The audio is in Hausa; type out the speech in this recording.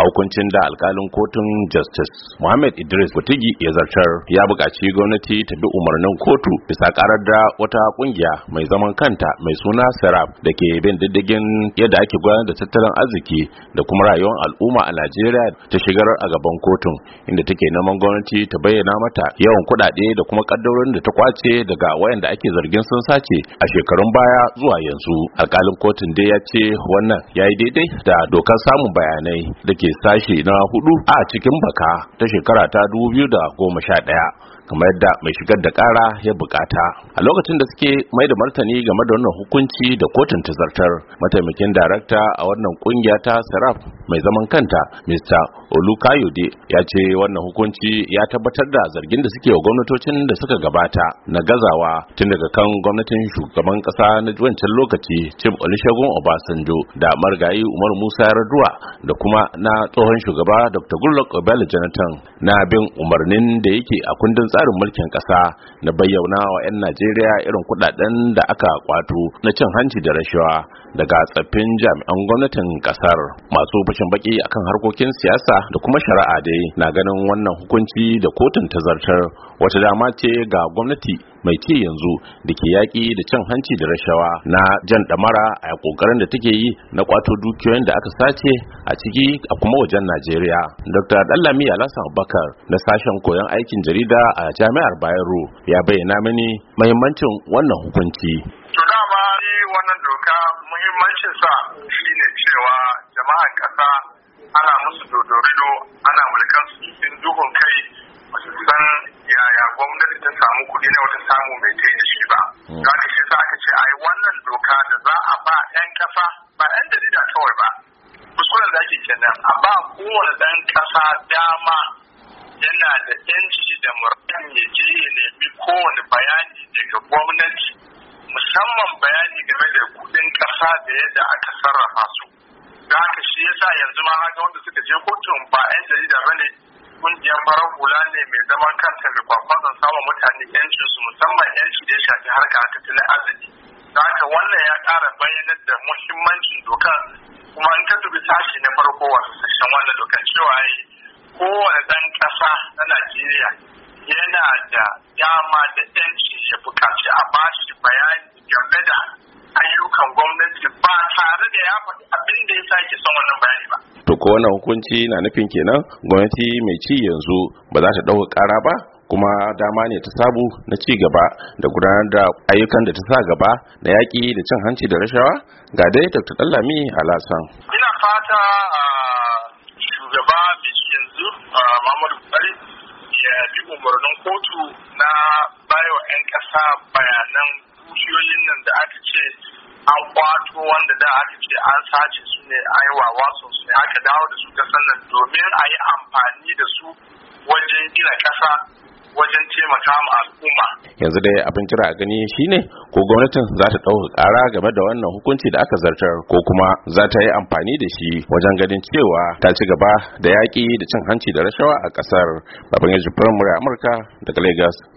a hukuncin da alkalin kotun justice Muhammad Idris Butigi ya zartar ya buƙaci gwamnati ta bi umarnin kotu bisa karar da wata ƙungiya mai zaman kanta mai suna Sarab da ke bin diddigin yadda ake gudanar da tattalin arziki da kuma rayuwar al'umma a Najeriya ta shigar a gaban kotun inda take neman gwamnati ta bayyana mata yawan kuɗaɗe da kuma kaddarorin da ta kwace daga wayanda ake zargin sun sace a shekarun baya zuwa yanzu alkalin kotun dai ya ce wannan ya yi daidai da dokar samun bayanai da ke sashi na hudu a cikin baka ta shekara ta 2011 kamar yadda mai shigar da kara ya bukata a lokacin da suke mai da martani game da wannan hukunci da kotun ta zartar mataimakin darakta a wannan kungiya ta saraf mai zaman kanta mr olukayode ya ce wannan hukunci ya tabbatar da zargin da suke wa gwamnatocin da suka gabata na gazawa tun daga kan gwamnatin shugaban kasa na wancan lokaci cim olusegun obasanjo da marigayi umar musa yar'adua da kuma na na tsohon shugaba dr goodluck obel jonathan na bin umarnin da yake a kundin tsarin mulkin kasa na bayyana wa 'yan najeriya irin kudaden da aka kwato na cin hanci da rashawa daga tsaffin jami'an gwamnatin kasar masu fashin baki akan harkokin siyasa da kuma shari'a dai na ganin wannan hukunci da kotun ta zartar wata dama ce ga gwamnati mai ci yanzu da ke yaƙi da cin hanci da rashawa na jan ɗamara a ƙoƙarin da take yi na kwato dukiyoyin da aka sace a ciki a kuma wajen Najeriya. Dr. Dallami Alhassan Bakar na sashen koyon aikin jarida a Jami'ar Bayero ya bayyana mini muhimmancin wannan hukunci. To dama wannan doka muhimmancin sa shine cewa jama'an ƙasa ana musu dodorido ana mulkan su cikin duhun wannan doka da za a ba 'yan ƙasa ba 'yan jarida kawai ba kuskuren da ake kenan a ba kowane ɗan ƙasa dama yana da 'yanci da murnan ya je ya nemi kowane bayani daga gwamnati musamman bayani game da kuɗin ƙasa da yadda aka sarrafa su da haka shi yasa yanzu ma haka wanda suka je kotun ba 'yan jarida ba ne kungiyar farar hula ne mai zaman kanta mai kwakwazon samun mutane 'yancinsu musamman 'yanci da ya shafi harka ta tattalin arziki da haka wannan ya ƙara bayyanar da muhimmancin doka kuma an ta dubi tashi na farko wasu sashen wannan doka cewa yi kowane ɗan ƙasa na Najeriya yana da dama da yanci ya bukaci a bashi bayani game da ayyukan gwamnati ba tare da ya faɗi abin da ya sake son wannan bayani ba. To ko wannan hukunci na nufin kenan gwamnati mai ci yanzu ba za ta ɗauka ƙara ba? kuma dama ne ta sabu na ci gaba da gudanar da ayyukan da ta sa gaba na yaƙi da cin hanci da rashawa ga dai dr dallami lasan ina fata a ah, shugaba yanzu ah, muhammadu buhari ya bi umarnin kotu na bayo 'yan ƙasa bayanan kushiyoyin nan da aka ce an kwato wanda da aka ce an sace su ne a yi wawa su ne aka dawo da su kasan nan domin a yi amfani da su wajen gina ƙasa wajen taimaka ma al'umma yanzu dai abin kira a gani shine ko gwamnatin za ta ɗauka ƙara game da wannan hukunci da aka zartar ko kuma za ta yi amfani da shi wajen ganin cewa ta ci gaba da yaƙi da cin hanci da rashawa a ƙasar babban yajin firamare amurka daga lagos